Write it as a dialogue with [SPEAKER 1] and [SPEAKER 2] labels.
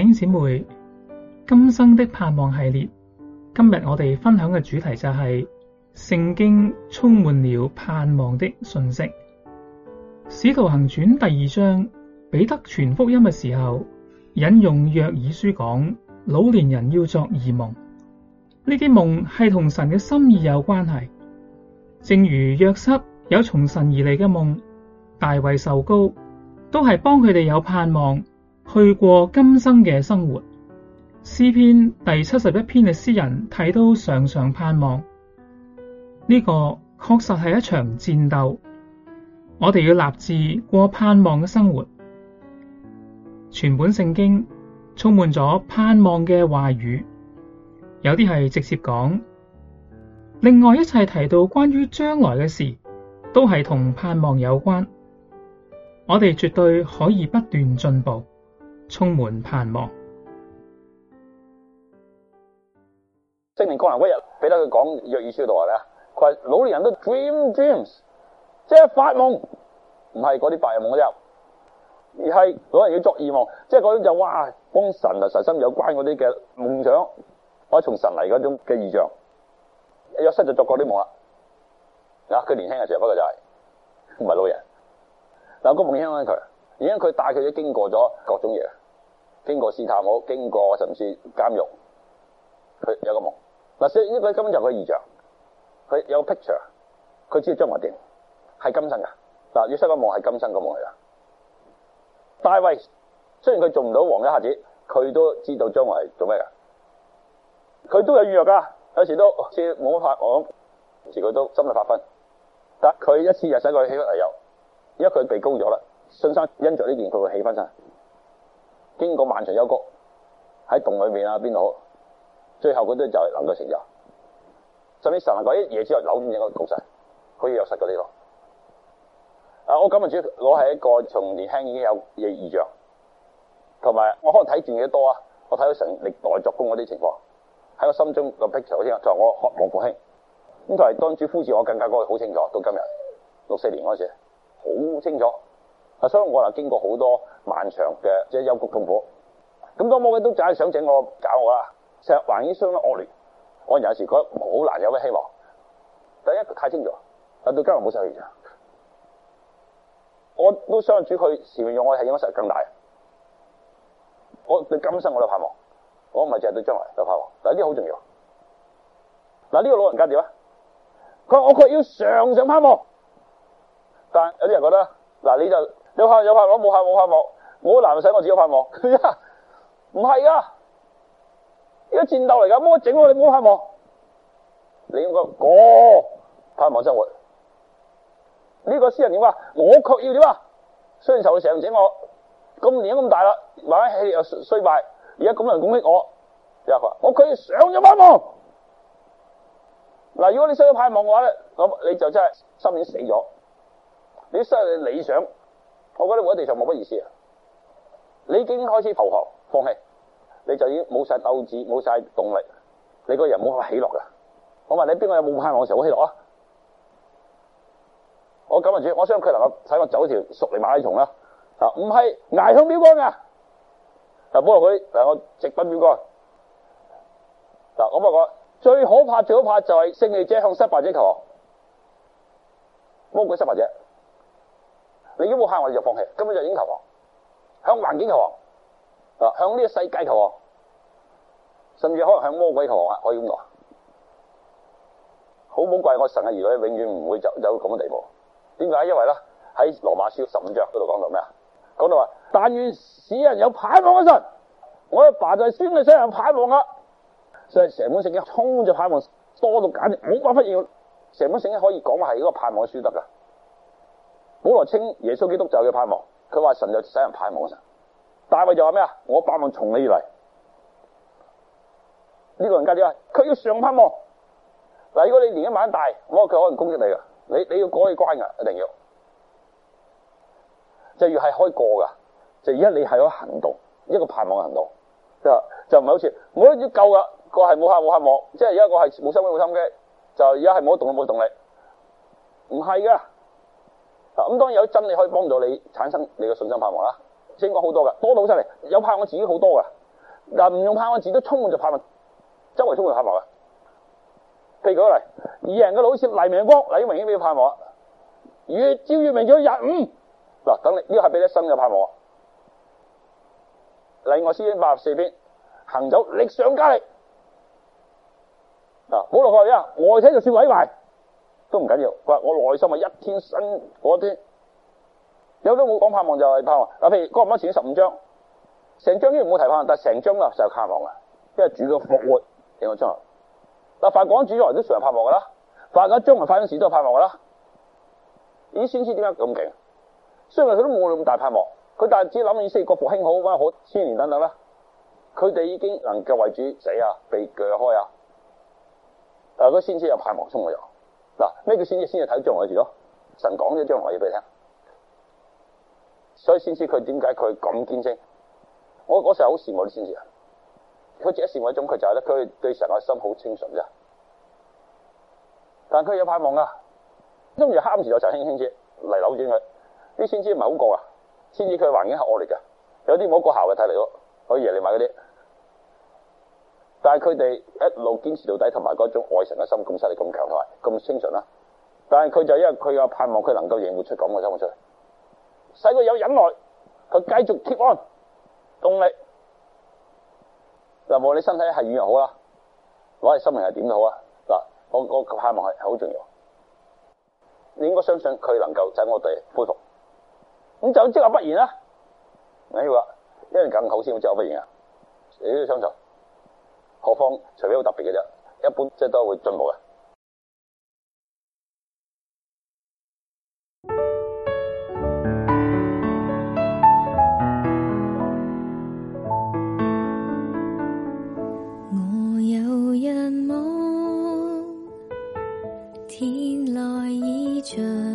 [SPEAKER 1] 弟兄姊妹，今生的盼望系列，今日我哋分享嘅主題就係聖經充滿了盼望的信息。使徒行傳第二章，彼得傳福音嘅時候，引用約珥書講，老年人要作異夢，呢啲夢係同神嘅心意有關係。正如約瑟有從神而嚟嘅夢，大衛受膏，都係幫佢哋有盼望。去過今生嘅生活，詩篇第七十一篇嘅詩人睇到常常盼望。呢個確實係一場戰鬥，我哋要立志過盼望嘅生活。全本聖經充滿咗盼望嘅話語，有啲係直接講。另外一切提到關於將來嘅事，都係同盼望有關。我哋絕對可以不斷進步。充滿盼望，
[SPEAKER 2] 證明過難嗰日俾得佢講約珥書話呢，佢老年人都 dream dreams，即係發夢，唔係嗰啲白日夢嗰啲，而係老人要作異夢，即係嗰種就是，哇幫神啊，神心有關嗰啲嘅夢想，可從神嚟嗰種嘅異象，約瑟就作過啲夢啦，啊佢年輕嘅時候，不過就係唔係老人。嗱個夢聽翻佢，而家佢帶已經經過咗各種嘢。經過試探，我經過甚至監獄，佢有個夢，嗱，所以呢個根本就個異象，佢有 picture，佢知道將來點，係今生噶，嗱，約瑟個夢係今生個夢嚟噶。大衛雖然佢做唔到王一下子，佢都知道將來係做咩噶，佢都有軟弱噶，有時都似冇乜發昂，有時佢都心力發昏，但佢一次日使佢起屈嚟又，因為佢被高咗啦，信心因着呢件佢會起翻身。經過漫長幽谷，喺洞裏面啊，邊度？最後佢都就係能夠成就，甚至神能夠一夜之後扭轉整個局勢，可以約實嗰啲咯。啊，我今日主要攞係一個從年輕已經有嘅異象，同埋我可能睇電影多啊，我睇到神歷代作工嗰啲情況，喺我心中個 picture 先，就係我渴望復興。咁就係當主呼召我，更加我好清楚，到今日六四年嗰陣時，好清楚。啊！所以我又經過好多漫長嘅即係憂鬱痛苦，咁多冇嘅都就想整我搞我啦。成日環境相當惡劣，我有時候覺得好難有咩希望。第一太清楚了，啊對，今日冇受益咋？我都相主佢前面用我嘅嘢，我實實更大的。我對今生我都盼望，我唔係淨係對將來都盼望。但係呢好重要。嗱呢個老人家點啊？佢我佢要常常盼望，但有啲人覺得嗱你就。有盼有盼望，冇盼冇盼望。我難使我自己盼望，唔係啊！依家戰鬥嚟㗎。冇得整，你冇盼望。你應該過盼望生活呢，呢個詩人點啊？我卻要點啊？雖然受成日整我咁年咁大啦，萬一起又衰敗，而家咁多人攻擊我，我佢想有盼望。嗱，如果你失去盼望嘅話呢，你就真係心已死咗。你失去你理想。我覺得我地場冇乜意思啊！你已經開始投降放棄，你就已經冇晒鬥志，冇晒動力，你那個人冇起落噶。我問你邊個有冇盼望嘅時候起落啊？我感？我咁嚟住，我相信佢能夠使我走條熟嚟馬拉松啦。啊，唔係挨到標杆啊！嗱，本來佢我直奔標杆。嗱，咁我講最可怕，最可怕，最可怕就係勝利者向失敗者求學，魔鬼失敗者。你如果吓我，你就放棄，根本就已經投降，向環境投降，啊，向呢個世界投降，甚至可能向魔鬼投降啊！可以咁講，好冇怪我神嘅兒女永遠唔會走走咁嘅地步。點解？因為咧喺羅馬書十五章嗰度講到咩啊？講到話，但願使人有盼望嘅神，我阿爸在係先嘅信仰盼望我，所以成本聖經充滿咗盼望，多到簡直冇辦法形容，成本聖經可以講係一個盼望書得噶。保羅稱耶穌基督就係佢嘅盼望，佢話神就使人盼望神。大衛就話咩啊？我盼望從你而嚟。呢、這個人家點啊？佢要常盼望。嗱，如果你年紀慢慢大，我話佢可能攻擊你噶，你你要過關㗎，一定要。就係越係開過噶，就而家你係有行動，一個盼望行動，就就唔係好似我已經夠噶，個係冇盼望冇盼望，即係而家個係冇心機冇心機，就而家係冇動力冇動力，唔係噶。咁當然有真理可以幫助你產生你嘅信心盼望啦，正講好多㗎，多到犀利。有盼望我自己好多㗎，但唔用盼望自己都充滿就盼望，周圍充滿盼望嘅。譬如講嚟，義人嘅路好似黎明光，黎明已經畀盼望；越照越明咗日，嗯，嗱，等你呢係畀啲新嘅盼望。另外詩篇八十四篇，行走歷上加力，嗱，好落去啊，外體就算毀壞。都唔緊要，佢話我內心係一天新似一天。有都冇講盼望，就係盼望。譬如哥林多前十五章，成章都冇提盼，盼望，但成章啦就係盼望啦，因為主個復活。另外章，但凡講主在都成日盼望噶啦，凡講將來發生事都係盼望噶啦。咦，先知點解咁勁？雖然佢都冇咁大盼望，佢但係只諗意思國復興好，或好千年等等啦。佢哋已經能夠為主死啊，被鋸開啊，但係嗰先知有盼望衝入。嗱，咩叫先知？先要睇將來字咯。神講咗將來嘢，俾你聽，所以先知佢點解佢咁堅貞？我我嗰時候，好羨慕啲先知，佢只係羨慕一種，佢就係咧，佢對神個心好清純啫。但佢有盼望噶，因為啱住就就輕輕啫，嚟扭轉佢。啲先知唔係好過啊，先知佢環境係惡劣㗎。有啲冇過效嘅睇嚟咯，可以嚟買嗰啲。但係佢哋一路堅持到底，同埋嗰種愛神嘅心咁犀利、咁強大、咁清純啦。但係佢就因為佢有盼望，佢能夠認會出咁嘅生活出嚟，使佢有忍耐，佢繼續貼安動力。又望你身體係越嚟越好啦，我哋心靈係點好啊嗱。我我盼望係好重要，你應該相信佢能夠使我哋恢復。咁就即話不言啦。唔係，話因為咁好先，我即話不言啊。你呢個雙頭？何況，除非好特別嘅啫，一般即係都會進步嘅。
[SPEAKER 3] 我有一夢，天來異象。